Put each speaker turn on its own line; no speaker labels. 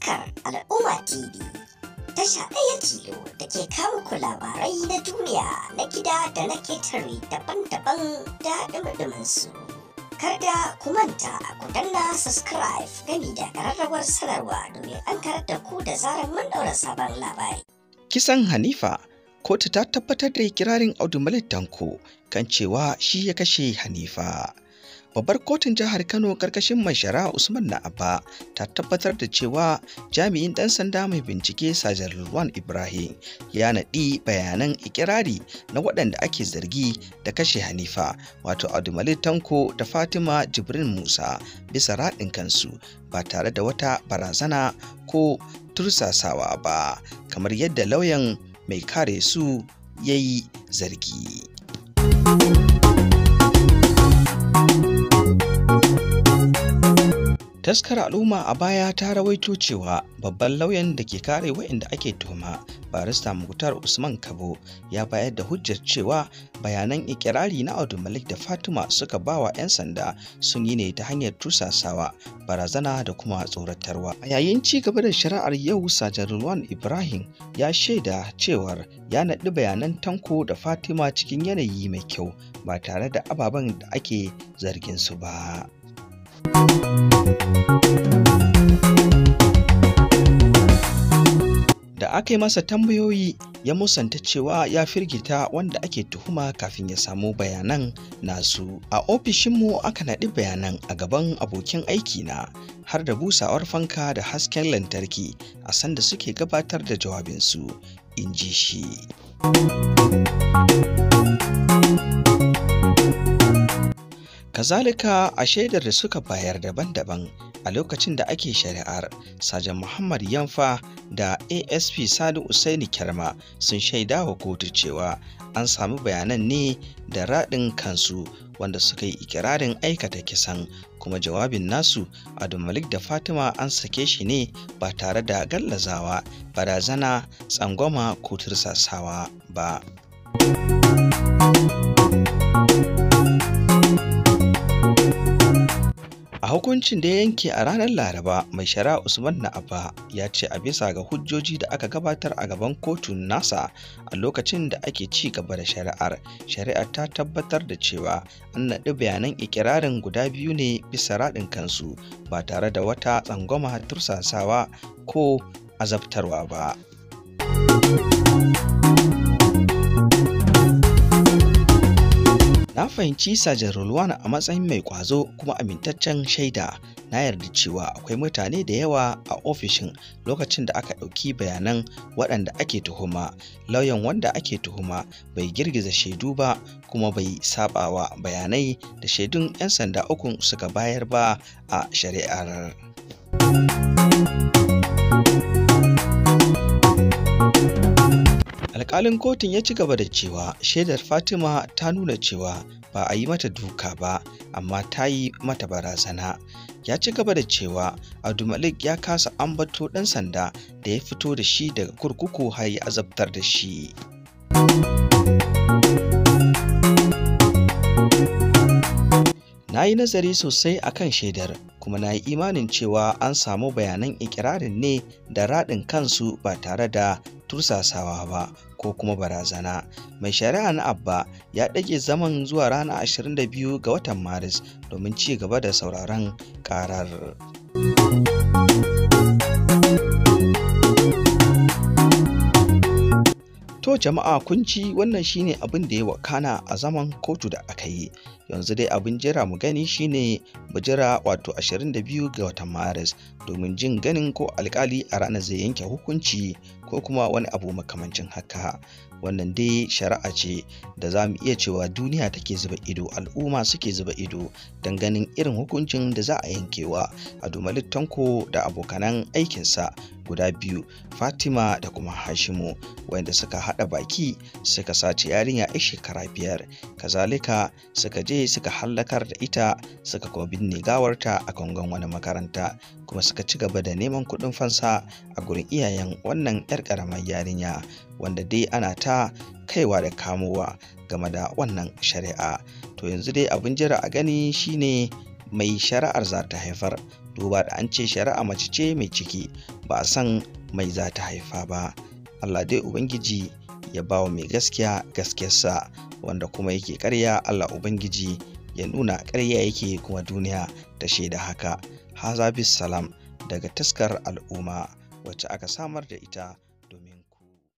al al'umma tv tasha ɗaya tilo da ke kawo ku labarai na duniya na gida da na ketare daban-daban da ɗumɗumin su kada ku manta ku danna subscribe gani da ƙararrawar sanarwa domin an karar da ku da zarar mun ɗaura sabon labari kisan hanifa kotu ta tabbatar da ikirarin audu malik danko kan cewa shi ya kashe hanifa babbar kotun jihar kano karkashin mai usman na'aba ta tabbatar da cewa jami'in ɗan sanda mai bincike sajar ibrahim ya naɗi bayanan ikirari na waɗanda ake zargi da kashe hanifa wato abdulmalik tanko da fatima jibrin musa bisa raɗin kansu ba tare da wata barazana ko tursasawa ba kamar yadda lauyan mai kare su zargi thank zargi. Daskar al'umma a baya ta rawaito cewa babban lauyan da ke kare wa'inda ake tuhuma barista muktar usman kabo ya bayar da hujjar cewa bayanan ikirari na audu malik da fatima suka bawa 'yan sanda sun yi ne ta hanyar tusasawa barazana da kuma tsoratarwa a yayin ci gaba da shari'ar yau sajar ibrahim ya shaida cewar ya naɗi bayanan tanko da fatima cikin yanayi mai kyau ba tare da ababen da ake zargin su ba Da aka yi masa tambayoyi ya musanta cewa ya firgita wanda ake tuhuma kafin ya samu bayanan nasu. A ofishinmu aka naɗi bayanan a gaban abokin aikina har da busawar fanka da hasken lantarki a sanda suke gabatar da jawabinsu, in ji shi. Kazalika a shaidar da suka bayar daban-daban a lokacin da ake shari'ar, Sajan Muhammad Yanfa da ASP Sani Usaini Kyarma sun shaida wa kotu cewa an sami bayanan ne da raɗin kansu wanda suka yi ikirarin aikata kisan kuma jawabin nasu Malik da Fatima an sake shi ne ba tare da gallazawa, barazana, tsangwama ko tursasawa ba. hukuncin da ya yanke a ranar Laraba, mai shari'a Usman Na'aba ya ce a bisa ga hujjoji da aka gabatar a gaban kotun nasa a lokacin da ake ci gaba da shari'ar, shari'ar ta tabbatar da cewa an naɗi bayanan ikirarin guda biyu ne bisa raɗin kansu ba tare da wata tsangwama tursasawa ko azabtarwa ba. fahimci Sajar Rulwana a matsayin mai kwazo kuma amintaccen shaida na yarda cewa akwai mutane da yawa a ofishin lokacin da aka ɗauki bayanan waɗanda ake tuhuma. Lauyan wanda ake tuhuma bai girgiza shaidu ba kuma bai sabawa bayanai da shaidun 'yan sanda ukun suka bayar ba a shari'ar. alƙalin kotun ya ci gaba da cewa shaidar fatima ta nuna cewa ba a yi mata duka ba amma ta yi mata barazana ya ci gaba da cewa abdulmalik ya kasa ambato ɗan sanda da ya fito da shi daga kurkuku har ya azabtar da shi na yi nazari sosai a kan shaidar kuma na yi imanin cewa an samu bayanan ikirarin ne da raɗin kansu ba tare da tursasawa ba ko kuma barazana mai shari'a na abba ya ɗage zaman zuwa rana 22 ga watan maris domin ci gaba da sauraron ƙarar. jama'a kun wannan shine abin da ya wakana a zaman kotu da aka yi yanzu dai abin jira mu gani shine mu jira wato 22 ga watan maris domin jin ganin ko alkali a ranar zai yanke hukunci ko kuma wani abu makamancin haka wannan dai shari'a ce da za mu iya cewa duniya take zuba ido al'umma suke zuba ido don ganin irin hukuncin da za a yankewa a dumalin tanko da abokanan aikinsa guda biyu fatima da kuma hashimu wanda suka haɗa baki suka sace yarinya 'yar shekara biyar kazalika suka je suka hallakar da ita suka kuma binne gawarta a gangon wani makaranta kuma suka ci gaba da neman kuɗin fansa a gurin iyayen wannan 'yar karamar yarinya wanda dai ana ta kaiwa da kamowa game da wannan shari'a to yanzu dai abin jira a gani shine mai shari'ar za ta haifar duba da an ce shari'a mace ce mai ciki ba a san mai za ta haifa ba allah dai ubangiji ya ba wa mai gaskiya gaskiyarsa wanda kuma yake karya allah ubangiji ya nuna karya yake kuma duniya ta shaida haka Hazabis salam daga taskar al'umma wacce aka samar da ita